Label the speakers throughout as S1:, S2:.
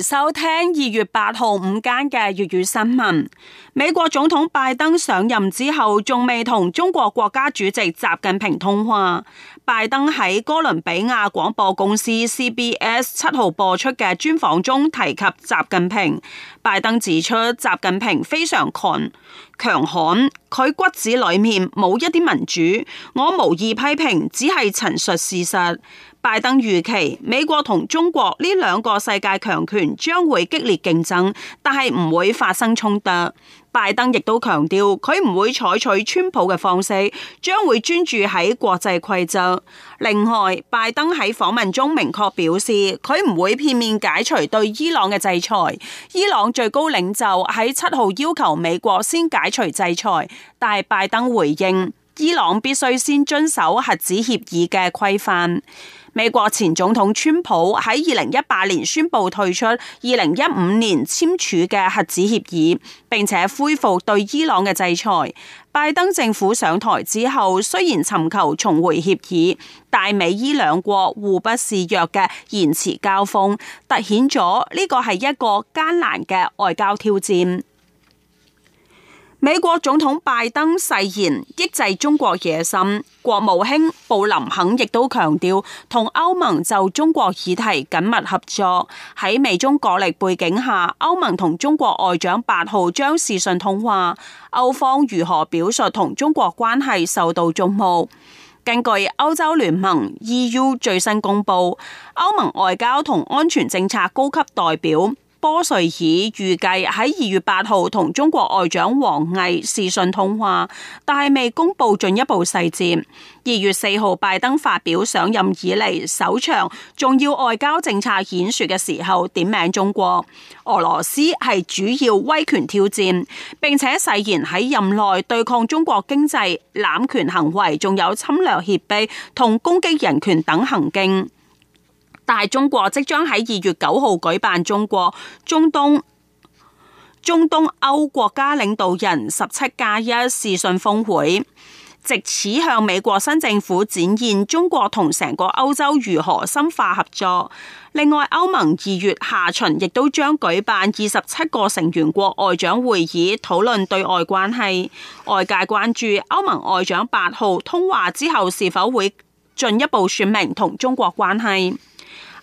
S1: 收聽二月八號午間嘅粵語新聞。美國總統拜登上任之後，仲未同中國國家主席習近平通話。拜登喺哥倫比亞廣播公司 CBS 七號播出嘅專訪中提及習近平。拜登指出，習近平非常強，強悍，佢骨子裏面冇一啲民主。我無意批評，只係陳述事實。拜登預期美國同中國呢兩個世界強權將會激烈競爭，但係唔會發生衝突。拜登亦都強調佢唔會採取川普嘅方式，將會專注喺國際規則。另外，拜登喺訪問中明確表示，佢唔會片面解除對伊朗嘅制裁。伊朗最高領袖喺七號要求美國先解除制裁，但係拜登回應。伊朗必須先遵守核子協議嘅規範。美國前總統川普喺二零一八年宣布退出二零一五年簽署嘅核子協議，並且恢復對伊朗嘅制裁。拜登政府上台之後，雖然尋求重回協議，但美伊兩國互不示弱嘅言辭交鋒，凸顯咗呢個係一個艱難嘅外交挑戰。美國總統拜登誓言抑制中國野心，國務卿布林肯亦都強調同歐盟就中國議題緊密合作。喺美中角力背景下，歐盟同中國外長八號將視訊通話，歐方如何表述同中國關係受到矚目。根據歐洲聯盟 EU 最新公布，歐盟外交同安全政策高級代表。波瑞爾預計喺二月八號同中國外長王毅視訊通話，但係未公布進一步細節。二月四號拜登發表上任以嚟首場重要外交政策演說嘅時候，點名中國、俄羅斯係主要威權挑戰，並且誓言喺任內對抗中國經濟攬權行為，仲有侵略脅迫同攻擊人權等行徑。但中國即將喺二月九號舉辦中國中東中東歐國家領導人十七加一視訊峰會，借此向美國新政府展現中國同成個歐洲如何深化合作。另外，歐盟二月下旬亦都將舉辦二十七個成員國外長會議，討論對外關係。外界關注歐盟外長八號通話之後是否會進一步說明同中國關係。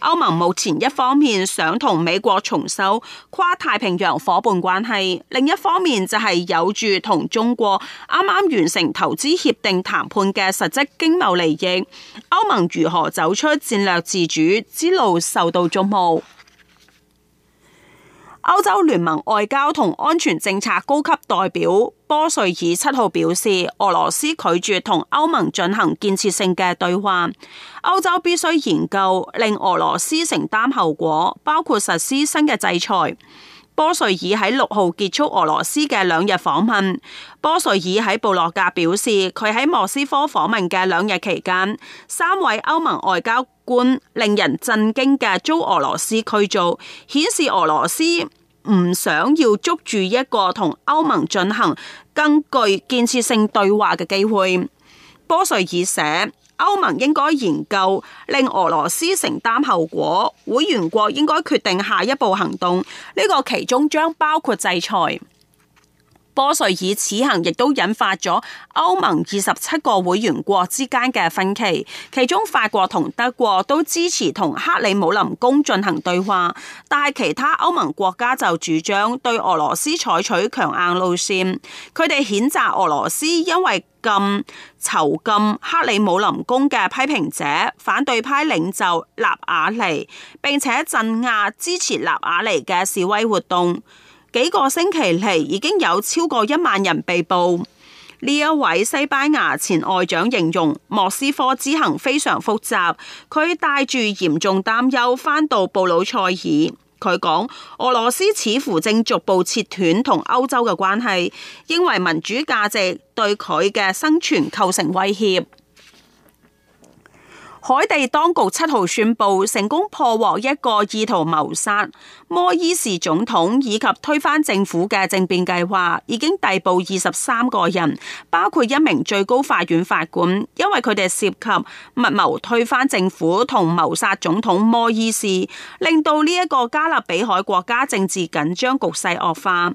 S1: 歐盟目前一方面想同美國重修跨太平洋伙伴關係，另一方面就係有住同中國啱啱完成投資協定談判嘅實質經貿利益。歐盟如何走出戰略自主之路，受到矚目。歐洲聯盟外交同安全政策高級代表波瑞爾七號表示，俄羅斯拒絕同歐盟進行建設性嘅對話，歐洲必須研究令俄羅斯承擔後果，包括實施新嘅制裁。波瑞爾喺六號結束俄羅斯嘅兩日訪問。波瑞爾喺布洛格表示，佢喺莫斯科訪問嘅兩日期間，三位歐盟外交官令人震驚嘅遭俄羅斯驅逐，顯示俄羅斯。唔想要捉住一個同歐盟進行更具建設性對話嘅機會，波瑞爾寫，歐盟應該研究，令俄羅斯承擔後果，會員國應該決定下一步行動，呢個其中將包括制裁。波瑞爾此行亦都引發咗歐盟二十七個會員國之間嘅分歧，其中法國同德國都支持同克里姆林宮進行對話，但係其他歐盟國家就主張對俄羅斯採取強硬路線。佢哋譴責俄羅斯因為禁囚禁克里姆林宮嘅批評者、反對派領袖納瓦尼，並且鎮壓支持納瓦尼嘅示威活動。幾個星期嚟，已經有超過一萬人被捕。呢一位西班牙前外長形容莫斯科之行非常複雜，佢帶住嚴重擔憂返到布魯塞爾。佢講，俄羅斯似乎正逐步切斷同歐洲嘅關係，因為民主價值對佢嘅生存構成威脅。海地當局七號宣布成功破獲一個意圖謀殺摩依士總統以及推翻政府嘅政變計劃，已經逮捕二十三個人，包括一名最高法院法官，因為佢哋涉及密謀推翻政府同謀殺總統摩依士，令到呢一個加勒比海國家政治緊張局勢惡化。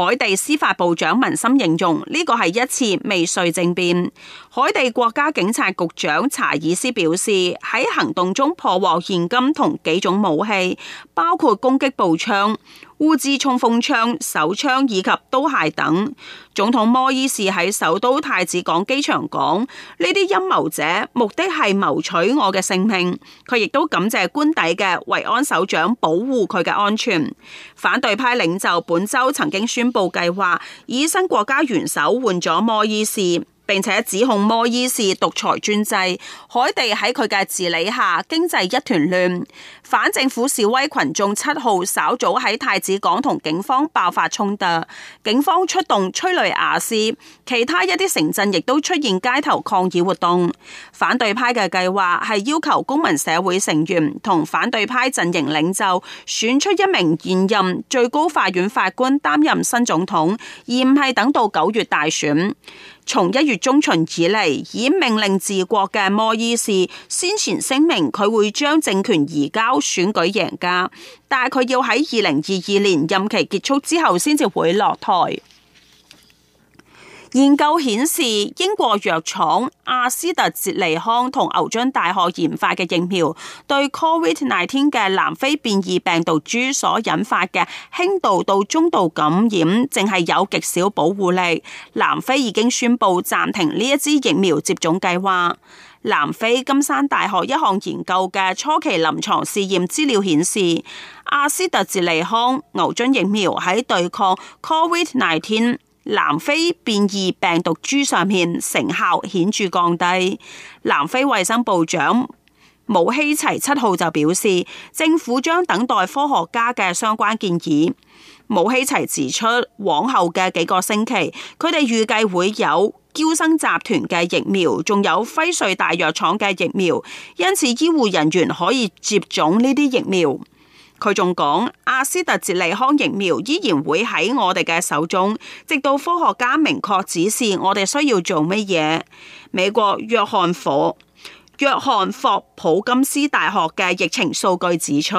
S1: 海地司法部長文森形容呢個係一次未遂政變。海地國家警察局長查爾斯表示，喺行動中破獲現金同幾種武器，包括攻擊步槍。烏茲衝鋒槍、手槍以及刀械等。總統摩依士喺首都太子港機場講：呢啲陰謀者目的係謀取我嘅性命。佢亦都感謝官邸嘅維安首長保護佢嘅安全。反對派領袖本周曾經宣布計劃以新國家元首換咗摩依士。並且指控摩依士獨裁專制，海地喺佢嘅治理下經濟一團亂。反政府示威群眾七號稍早喺太子港同警方爆發衝突，警方出動催淚瓦斯。其他一啲城鎮亦都出現街頭抗議活動。反對派嘅計劃係要求公民社會成員同反對派陣營領袖選出一名現任最高法院法官擔任新總統，而唔係等到九月大選。1> 從一月中旬以嚟，已命令治國嘅摩依士先前聲明佢會將政權移交選舉贏家，但係佢要喺二零二二年任期結束之後先至會落台。研究顯示，英國藥廠阿斯特捷利康同牛津大學研發嘅疫苗對 Covid-19 嘅南非變異病毒株所引發嘅輕度到中度感染，淨係有極少保護力。南非已經宣布暫停呢一支疫苗接種計劃。南非金山大學一項研究嘅初期臨床試驗資料顯示，阿斯特捷利康牛津疫苗喺對抗 Covid-19。19南非變異病毒株上面成效顯著降低。南非衛生部長姆希齊七號就表示，政府將等待科學家嘅相關建議。姆希齊指出，往後嘅幾個星期，佢哋預計會有嬌生集團嘅疫苗，仲有輝瑞大藥廠嘅疫苗，因此醫護人員可以接種呢啲疫苗。佢仲講，阿斯特捷利康疫苗依然會喺我哋嘅手中，直到科學家明確指示我哋需要做乜嘢。美國約翰霍約翰霍普金斯大學嘅疫情數據指出，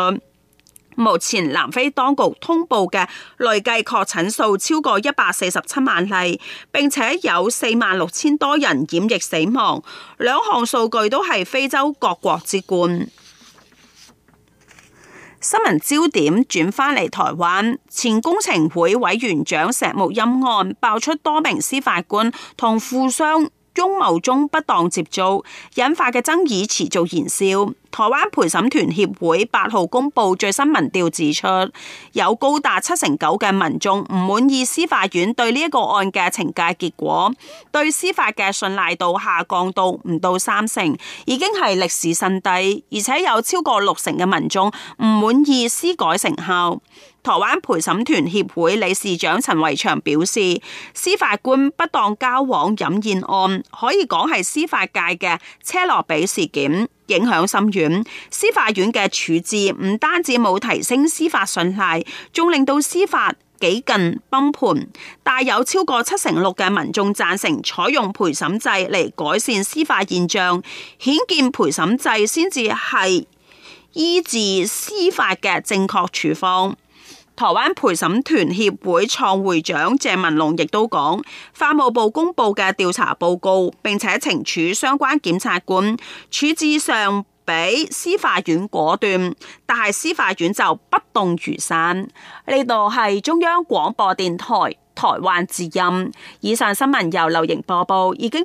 S1: 目前南非當局通報嘅累計確診數超過一百四十七萬例，並且有四萬六千多人染疫死亡，兩項數據都係非洲各國之冠。新聞焦點轉返嚟台灣，前工程會委員長石木欽案爆出多名司法官同富商中謀中不當接觸引發嘅爭議持續燃燒。台灣陪審團協會八號公布最新民調，指出有高達七成九嘅民眾唔滿意司法院對呢一個案嘅懲戒結果，對司法嘅信賴度下降到唔到三成，已經係歷史新低，而且有超過六成嘅民眾唔滿意司改成效。台灣陪審團協會理事長陳維祥表示，司法官不當交往飲宴案可以講係司法界嘅車諾比事件影響深遠。司法院嘅處置唔單止冇提升司法信賴，仲令到司法幾近崩盤。但有超過七成六嘅民眾贊成採用陪審制嚟改善司法現象，顯見陪審制先至係醫治司法嘅正確處方。台灣陪審團協會創會長鄭文龍亦都講，法務部公布嘅調查報告，並且懲處相關檢察官，處置上比司法院果斷，但係司法院就不動如山。呢度係中央廣播電台台灣之音，以上新聞由劉瑩播報，已經。